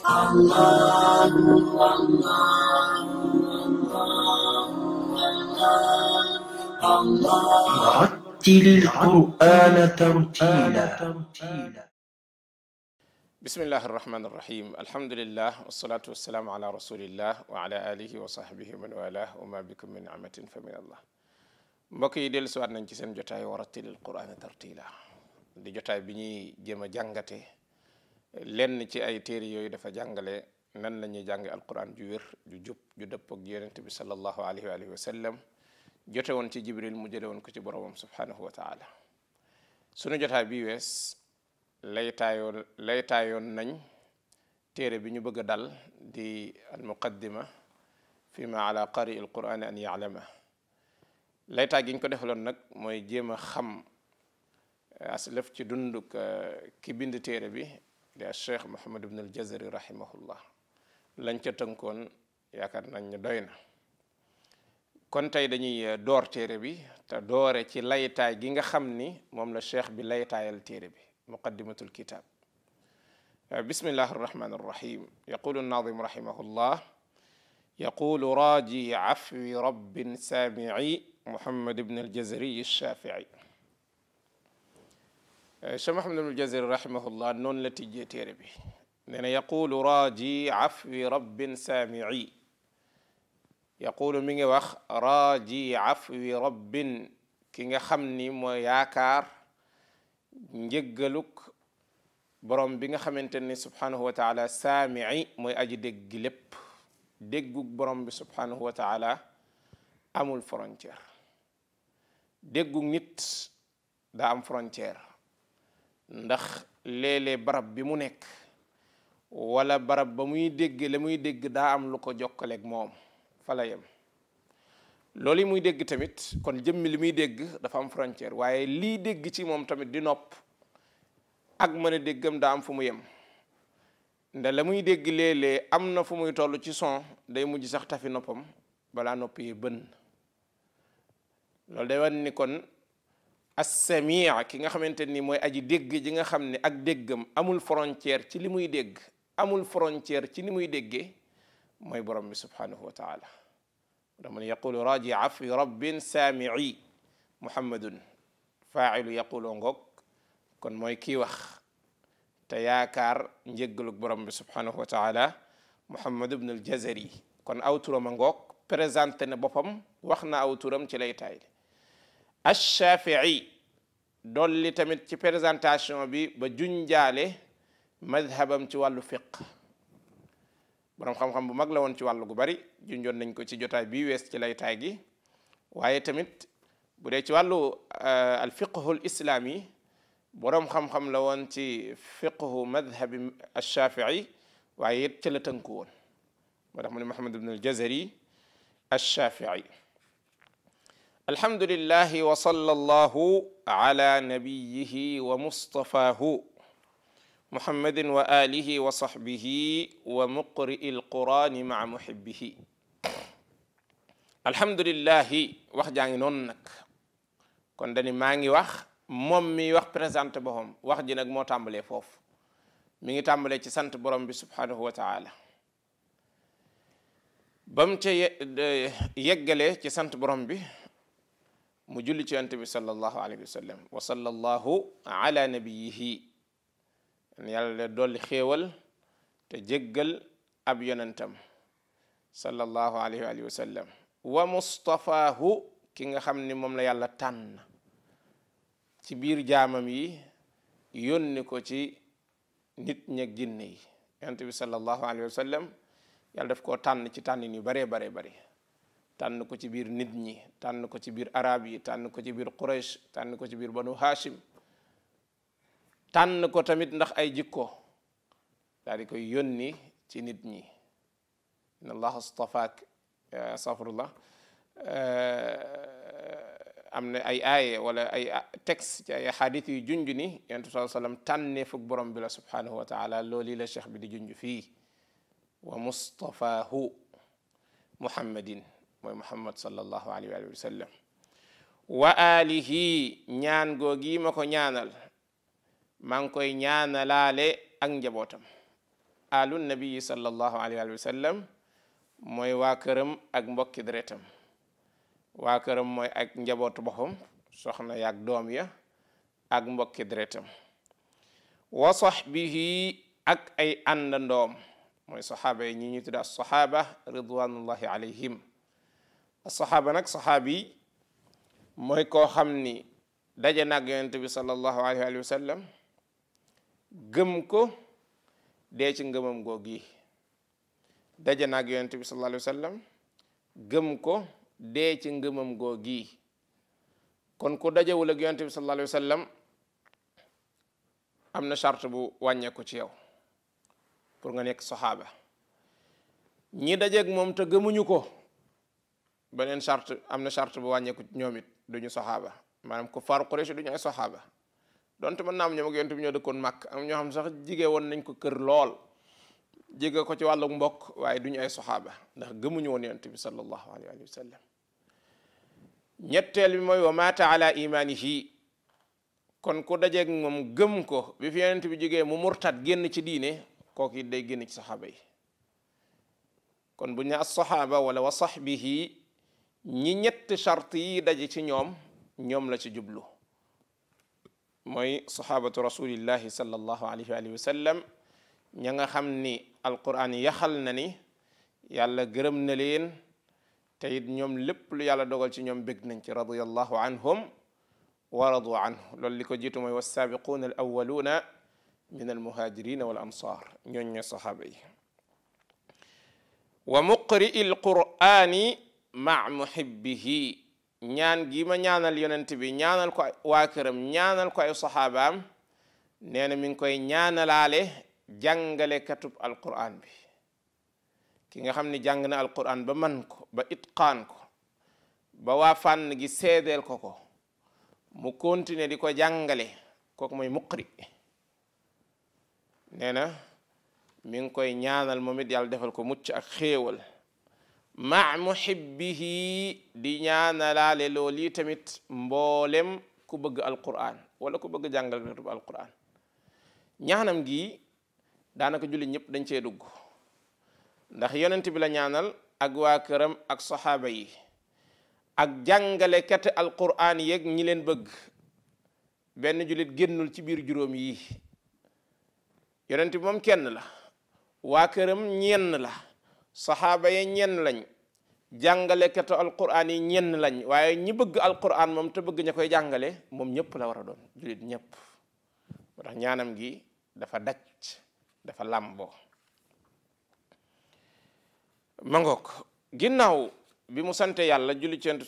رتل القرآن ترتيلا بسم الله الرحمن الرحيم الحمد لله والصلاة والسلام على رسول الله وعلى آله وصحبه من والاه وما بكم من نعمة فمن الله mbokk yi dellu siwaat nañ ci seen jotaay wa rattilil qur'ana tartila di jotaay bi ñuy a jàngate lenn ci ay téere yooyu dafa jàngale nan la ñuy jànge alquran ju wér ju jub ju dëpp ak yonent bi sallallahu alayhi wa alihi wa sallam jote woon ci jibril mu jële woon ko ci boromam subhanahu wa taala sunu jotaay bi wees lay laytaayoon nañ téere bi ñu bëgg a dal di al muqaddima fi ma ala qari alquran an yalama lay gi giñ ko defaloon nag mooy jéem a xam aslëf ci dunduk ki bind téere bi الشيخ محمد بن الجزري رحمه الله لانجا تنكون ياكار نانيا دوينا كون تاي داني دور تيري بي تا دور تي لايتاي غيغا خامني موم لا شيخ بي لايتايل تيري بي مقدمه الكتاب بسم الله الرحمن الرحيم يقول الناظم رحمه الله يقول راجي عفو رب سامعي محمد بن الجزري الشافعي شيخ محمد بن الجزر رحمه الله نون التي جيت ربي لأن يقول راجي عفو رب سامعي يقول من وخ راجي عفو رب كي خمني مو ياكار نجلوك برام بيغا خمنتني سبحانه وتعالى سامعي مو اجي دغ لب دغوك برام سبحانه وتعالى امول فرونتير دغوك نيت دا ام فرونتير ndax léeg-léeg barab bi mu nekk wala barab ba muy dégg la muy dégg daa am lu ko jokkaleek moom fa la yem loolu yi muy dégg tamit kon jëmmi li muy dégg dafa am frontière waaye lii dégg ci moom tamit di nopp ak mën a déggam daa am fu mu yem nda la muy dégg am na fu muy toll ci son day mujj sax tafi noppam balaa nopp yi bën loolu day wan ni kon السميع كيغا خامتيني موي ادي ديغ جيغا خامني اك ديغم امول فرونتير تي لي موي ديغ امول فرونتير تي لي موي ديغي موي بروم سبحانه وتعالى ومن يقول راجي عفو رب سامعي محمد فاعل يقول غوك كون موي كي واخ تياكار نجيغلوك بروم سبحانه وتعالى محمد بن الجزري كون اوترو مانغوك بريزانتي نا بوبام واخنا اوترام تي لاي تايلي ash-Shafi'i dolli tamit ci présentation bi ba junjaale madhabam ci wàllu fiqh borom xam-xam bu mag la woon ci wàllu gu bari junjoon nañ ko ci jotaay bii wees ci lay taay gi waaye tamit bu dee ci wàllu al fiqhul islami borom xam-xam la woon ci fiqhu madhabi ash-Shafi'i waaye it ci la tënku woon moo tax mu ne Muhammad ibn al-Jazari ash-Shafi'i الحمد لله وصلى الله على نبيه ومصطفاه محمد واله وصحبه ومقرئ القران مع محبه alhamdulillahi wax jaa ngi noonu nag kon dañu maa ngi wax moom mi wax présenté boppam wax ji nag moo tàmbalee foofu mi ngi tàmbalee ci sant borom bi subhanahu wa taala ba mu ca yeggale ci sant borom bi mu julli ci yonent bi sallallahu alayhi wa sallam wa sallallahu ala nabiyihi yàlla de dolli xéewal te jéggal ab yonantam sallallahu alayhi wa sallam wa ki nga xam ni moom la yàlla tànn ci biir jaamam yi yónni ko ci nit ñeg jinne yi yonent bi sallallahu alayhi wa sallam yàlla daf koo tànn ci tànnin yu baree baree bari tànn ko ci biir nit ñi tànn ko ci biir arab yi tànn ko ci biir quraish tànn ko ci biir banu hashim tànn ko tamit ndax ay jikko daal di koy yónni ci nit ñi inna allah astafaak eh, astafirullah eh, am na ay aaye wala ay texte ci ay xadis yu junj ni yonent bi sallallahu alayhi wa sallam tànnee fukk borom bi la di junj fii wa mustafaahu muhammadin mooy muhammad sallallahu alayhi wa sallam wa alihi ñaan googi ma ko ñaanal maa ngi koy ñaanalaale ak njabootam alu nabi sallallahu alayhi wa sallam mooy waa këram ak mbokki deretam waa këram mooy ak njabootu boppam soxna yaak doom ya ak mbokki deretam wa sahbihi ak ay àndandoom mooy saxaaba yi ñi ñu tudda saxaaba saxaaba nag saxaabi yi mooy koo xam ni daje nag yonent bi sallallahu alayhi wa sallam gëm ko dee ngëmam goog yi daje nag bi sallallahu alayhi wa gëm ko dee ci ngëmam goog gi kon ko dajewul ak yonent bi sallallahu alayhi wa sallam am na charte bu wàññeeku ci yow pour nga nekk saxaaba ñi dajeeg moom te gëmuñu ko benen charte amna charte bu wàññeeku ñoom it duñu sahaba manam ku faru Quraysh duñu ay saxaaba donte man naa ñom ak yonent bi ñoo dekkon am ñoo xam sax jige won nañ ko kër lool jige ko ci walu mbokk waye duñu ay sahaba ndax gëmuñu won yonent bi sallallahu alaihi wa sallam ñetteel bi moy wa mata ala imanihi kon ku jeng mom gëm ko bi fi yonent bi jige mu murtad genn ci diine ko ki day genn ci sahaba yi kon buñu as sahaba wala wa sahbihi ñi ñetti charte yi daje ci ñoom ñoom la ci jublu mooy sahabatu rasulillahi sallallahu alayhi wa sallam ña nga xam ni alquran yaxal na ni yàlla gërëm na leen te it ñoom lépp lu yàlla dogal ci ñoom bég nañ ci radiyallahu anhum wa radu anhu loolu li ko jiitu mooy wasabiquna al awwaluuna min almuhajirina wal ansar ñooñ ñooy sahaaba yi wa muqri il qur'ani ma muhibbihi ñaan gi ma ñaanal yonent bi ñaanal ko waa këram ñaanal ko ay saxaabaam nee na mi ngi koy ñaanalaale jàngale katub alquran bi ki nga xam ni jàng na alquran ba man ko ba itqaan ko ba waa gi seedeel ko ko mu continuer di ko jàngale kooku mooy muqri nee na mi ngi koy ñaanal moom it yàlla defal ko mucc ak xéewal ma muhibbihi di ñaanalaale loolu yi tamit mboolem ku bëgg alquran wala ku bëgg jàngal katub alquran ñaanam gi daanaka jullit ñëpp dañ cee dugg ndax yonent bi la ñaanal ak waa ak saxaaba yi ak jàngalekat alquran yeeg ñi leen bëgg benn jullit génnul ci biir juróom yi yonent bi moom kenn la waa këram ñenn la saxaaba ya ñenn lañ jàngale alquran yi ñenn lañ waaye ñi bëgg alquran moom te bëgg ña koy jàngale moom ñëpp la war a doon jullit ñëpp moo tax ñaanam gi dafa daj dafa làmboo mangook ginnaaw bi mu sante yàlla julli ci yonent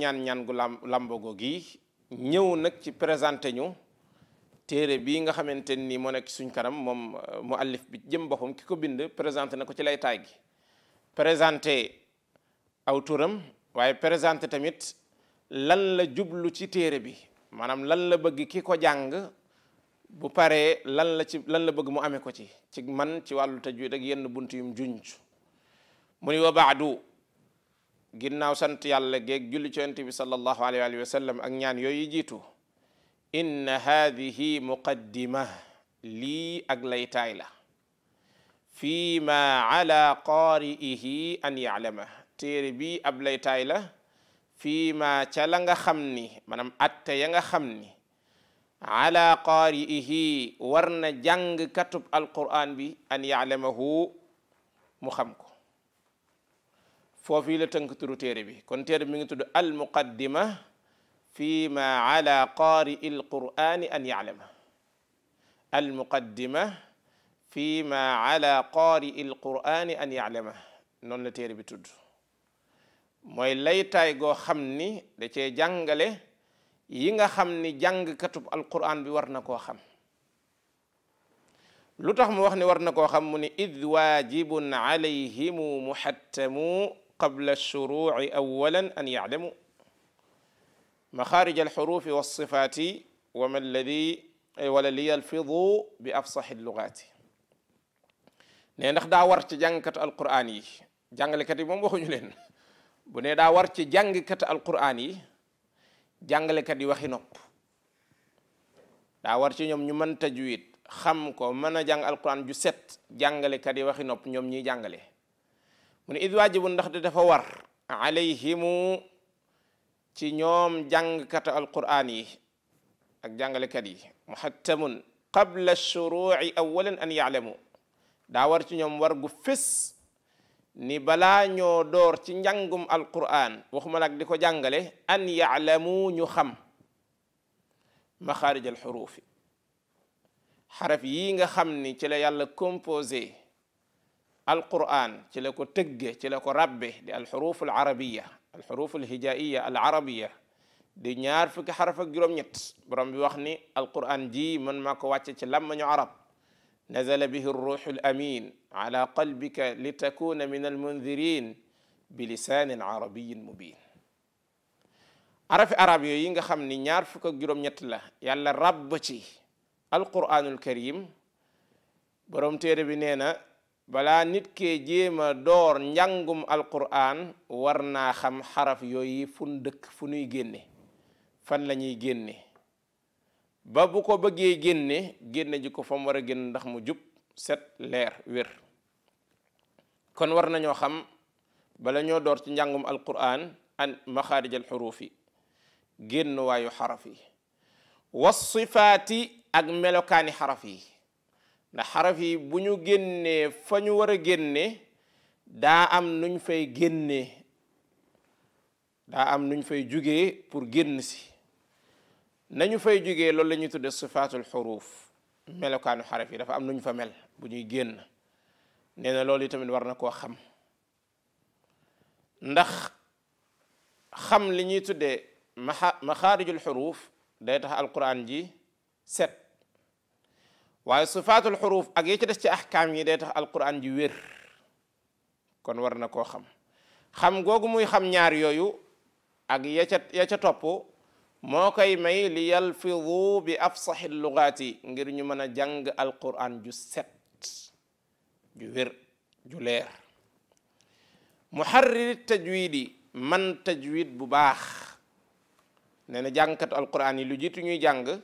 ñaan ñaan gu lam gi ñëw nag ci présenté ñu téere bii nga xamante nii moo nekk suñ kanam moom uh, mu allif bi jëm boppam ki ko bind présenté na ko ci laytaay gi présenté aw turam waaye présenté tamit lan la jublu ci téere bi maanaam lan la bëgg ki ko jàng bu paree lan la ci lan la bëgg mu amee ko ci ci man ci wàllu taju ak yenn bunt yum junj mu ni wa baadu ginnaaw sant yàlla géeg julli ci yonent bi sallallahu alayhi wa sallam ak ñaan yooyu jiitu inna haadihi muqaddima lii ak laytaay la فيما على قارئه أن يعلمه téere bi ab laytaay la fiima ca la nga xam ni maanaam atte ya nga xam ni ala qaari'ihi war na jàng katub alquran bi an yaalamahu mu xam ko foofii la tënk turu téere bi kon téere bi mi ngi tudd almuqaddima fiima ala qaari'i alqur'ani an yaalama almuqaddima فيما على قارئ القرآن أن يعلمه نون تيري بتود موي ليتاي غو خامني دا تي جانغالي ييغا خامني جانغ كتب القرآن بي ورنا كو خام لوتاخ مو وخني ورنا كو خام موني اذ واجب عليهم محتم قبل الشروع اولا ان يعلموا مخارج الحروف والصفات وما الذي ولا ليلفظوا بافصح اللغات ne ndax daa war ci jàngkat alquran yi jàngalekat yi moom waxuñu leen bu ne daa war ci jàngkat alquran yi jàngalekat yi waxi nopp daa war ci ñoom ñu mën tajwid xam ko mën a jàng alquran ju set jàngalekat yi waxi nopp ñoom ñuy jàngale mu ne id waajibu ndax de dafa war alayhimu ci ñoom jàngkat alquran yi ak jàngalekat yi muhattamun qabla shuruuci awalan an yaalamu daa war ci ñoom war gu fés ni balaa ñoo door ci njàngum alquran waxuma nag di ko jàngale an yaalamu ñu xam maxaarij al xuruufi yii nga xam ni ci la yàlla composé alquran ci la ko tëgge ci la ko rabbe di alxuruuf alarabiya alxuruuf alhijaiya alarabiya di ñaar fukki xaraf ak juróom-ñett bi wax ni alquran ji man ma ko wàcce ci làmmañu arab nazala bihi ruuxu alamin ala qalbika li takuna min almundirin bi lisaanin arabiyin mubin arab yooyu nga xam ni ñaar fukk ak juróom la yàlla ràbb ci alquranul karim borom téere bi nee na balaa nit kee jéema door njàngum alquran war naa xam xaraf yooyu fu nuy génne fan la ñuy génne ba bu ko bëggee génne génne ji ko fa mu war a génn ndax mu jub set leer wér kon war nañoo xam bala ñoo door ci njàngum alquran an maxaarij al xuruuf yi génn waayu xaraf yi wasifaati ak melokaani xaraf yi ndax xaraf yi bu ñu génnee fa ñu war a génne daa am nuñ fay génnee daa am nuñ fay jugee pour génn si nañu fay jógee loolu la ñuy tudde sifaatul xuruuf melokaanu xaraf yi dafa am nuñ fa mel bu ñuy génn nee na loolu itamit war na koo xam ndax xam li ñuy tuddee maxaarijul xuruuf day tax alquran ji set waaye sifaatul xuruuf ak yi ci des ci axkaam yi day tax alquran ji wér kon war na koo xam xam googu muy xam ñaar yooyu ak ya ca ya ca topp موكاي ماي ليلفظو بافصح اللغات غير ني مانا جانغ القران جو سيت جو وير جو لير محرر التجويد من تجويد بو باخ نانا جانكات القران لو جيتو ني جانغ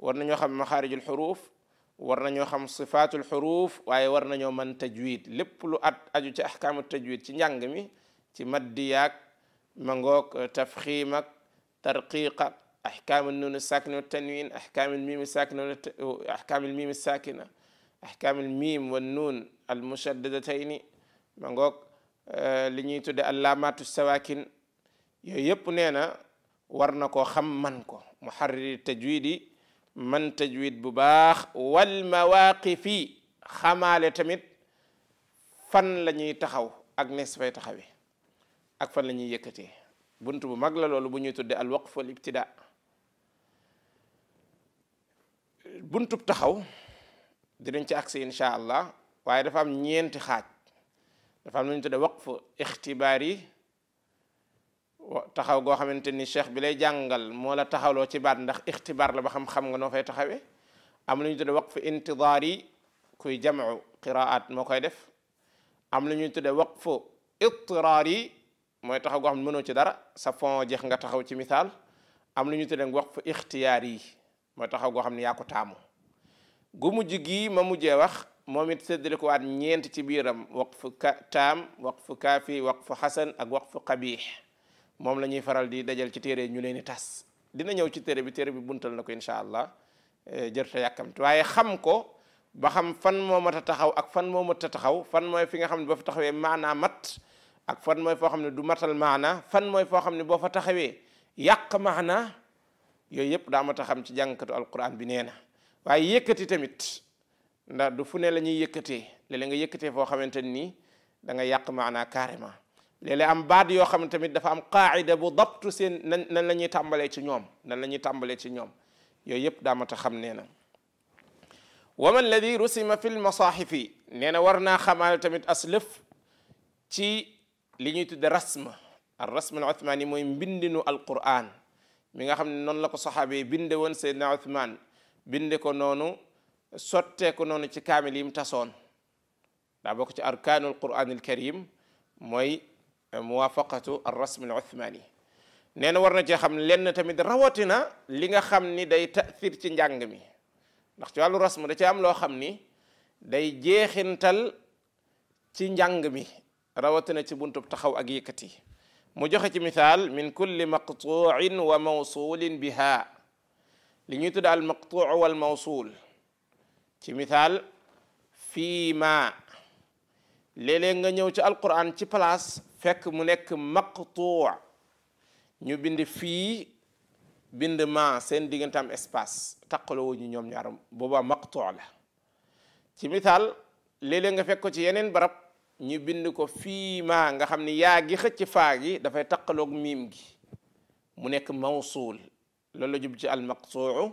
ورنا ньо خام مخارج الحروف ورنا ньо خام صفات الحروف واي ورنا ньо من تجويد لب لو ات اجو تي احكام التجويد تي جانغ مي تي مدياك مانغوك تفخيمك ترقيق أحكام النون الساكنة والتنوين أحكام الميم الساكنة والت... أحكام الميم الساكنة أحكام الميم والنون المشددتين مانغوك آه، لنيتو تود اللامات السواكن يوب ورنكو خم منكو محرر التجويد من تجويد بباخ والمواقف خمال تمت فن لنيتخو أغنس فيتخوي أكفن لنيتكتي bunt bu mag la loolu bu ñuy tudde al waqf wal ibtida buntub taxaw dinañ ci agsi incha allah waaye dafa am ñeenti xaaj dafa am lu ñu tudde waqf ixtibaar yi taxaw goo xamante ni cheikh bi lay jàngal moo la taxawloo ci baat ndax ixtibaar la ba xam-xam nga noo fay taxawee am lu ñu tudde waqf intidaar yi kuy jamcu qiraat moo koy def am lu ñuy tudde waqf itiraar yi mooy taxaw goo xam ne mënoo ci dara sa fond jeex nga taxaw ci misaal am lu ñu tuddee wax fa ixtiyaar yi mooy taxaw goo xam ne yaa ko taamu gu mujj gii ma mujjee wax moom it séddale ko waat ñeent ci biiram waqfu ka taam waqfu kaafi waqfu xasan ak waqfu qabiix moom la ñuy faral di dajal ci téere ñu leen di tas dina ñëw ci téere bi téere bi buntal na ko incha allah eh, jërte yàkkamti waaye xam ko ba xam fan moo mat a taxaw ak fan moo mat a taxaw fan mooy fi nga xam ne ba taxawee maanaa mat ak fan mooy foo xam ne du matal maana fan mooy foo xam ne boo fa taxawee yàq maana yooyu yëpp daa mat a ci jàngkatu alquran bi nee na waaye tamit ndax du fu ne la nuy nga yëkkatee foo xamante da nga yàq maana carrément am baat yoo xam ne tamit dafa am qaida bu dabtu seen nan nan la ñuy tàmbalee ci ñoom nan la ñuy ci ñoom yooyu yëpp daa mat a xam nee na wa man ladi rusima fi lmasaaxifi nee na war naa xamaal li ñuy tudde rasm ar rasm al uthmaani mooy mbindinu alquran mi nga xam ne noonu la ko saxaaba yi binde woon seydna uthman binde ko noonu sottee ko noonu ci kaamil yi mu tasoon daa bokk ci arkaanul quraanil karim mooy muwafaqatu ar rasm al uthmaani nee na war na cee xam lenn tamit rawatina li nga xam ni day taasir ci njàng mi ndax ci wàllu rasm da ci am loo xam ni day jeexintal ci njàng mi rawatina ci buntub taxaw ak yëkkati mu joxe ci misaal min kulli maqtuin wa mawsulin biha li ñuy tudd al maqtuu wal mawsul ci misaal fii ma léeg-léeg nga ñëw ci alquran ci place fekk mu nekk maqtuu ñu bind fii bind ma seen diggante am espace taqaloo ñu ñoom ñaaram boobaa maqtuu la ci misaal léeg-léeg nga fekk ko ci yeneen barab ñu bind ko fii maa nga xam ni yaa gi xëcc faa gi dafay taqaloog miim gi mu nekk mawsuul loolu la jub ci al maqsuu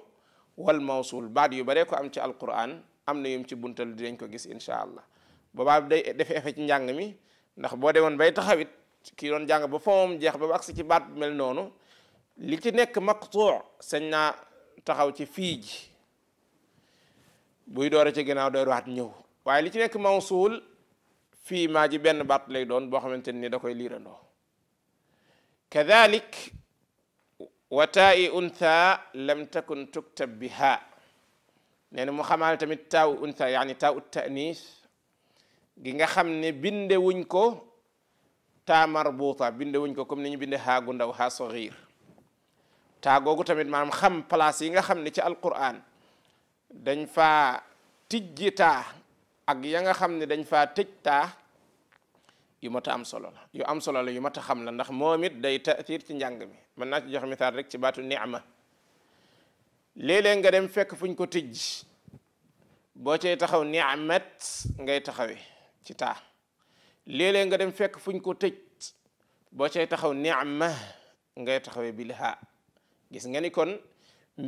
wal mawsuul baat yu bare ko am ci alquran am na yum ci buntal dinañ ko gis insha allah boobaa day def effet ci njàng mi ndax boo demoon bay taxawit ki doon jàng ba fomam jeex ba agsi ci baat mel noonu li ci nekk maqsuu sañ naa taxaw ci fii ji buy doore ci ginnaaw doy waat ñëw waaye li ci nekk mawsuul fii maa ji benn baat lay doon boo xamante ni da koy liirandoo kadalik wataa'i untha lam takun tuktab biha nee na mu xamaale tamit taawu untha yaani taawu tanis gi nga xam ne binde wuñ ko taa marbuuta binde wuñ ko comme ni ñu binde haa ndaw haa saxiir taa googu tamit maanaam xam place yi nga xam ne ci alquran dañ faa tijji ak ya nga xam ne dañ faa tëj ta yu mat a am solo la yu am solo la yu mat a xam la ndax moom it day taatiir ci njàng mi mën naa ci jox misaal rek ci baatu ni'ma léeg-léeg nga dem fekk fuñ ko tëj boo cay taxaw ni'mat ngay taxawee ci taax léeg nga dem fekk fuñ ko tëj boo cay taxaw ni'ma ngay taxawee bilha gis nga ni kon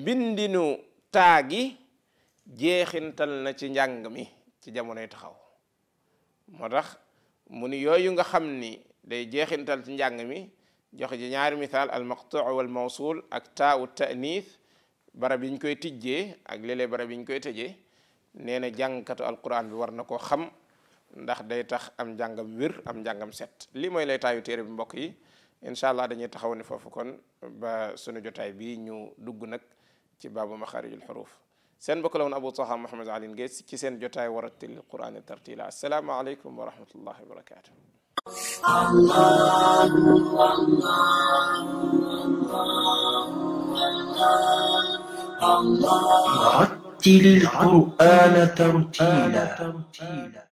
bindinu tagi, gi jeexintal na ci njàng mi ci jamonoy taxaw moo tax mu ni yooyu nga xam ni day jeexintal ci njàng mi joxe ji ñaari misaal al maqtuu wal ak taawu taaniis barab yi koy tijjee ak léeg-léeg barab yi koy tëjee nee na jàngkatu alquran bi war na koo xam ndax day tax am njàngam wér am njàngam set lii mooy lay taayu téere bi mbokk yi incha allah dañuy taxaw ni foofu kon ba sunu jotaay bii ñu dugg nag ci baabu maxaarijul xuruuf سن بكلون أبو طه محمد علي نجيس كي سن جتاي ورت القرآن الترتيل السلام عليكم ورحمة الله وبركاته الله الله الله الله الله الله الله الله الله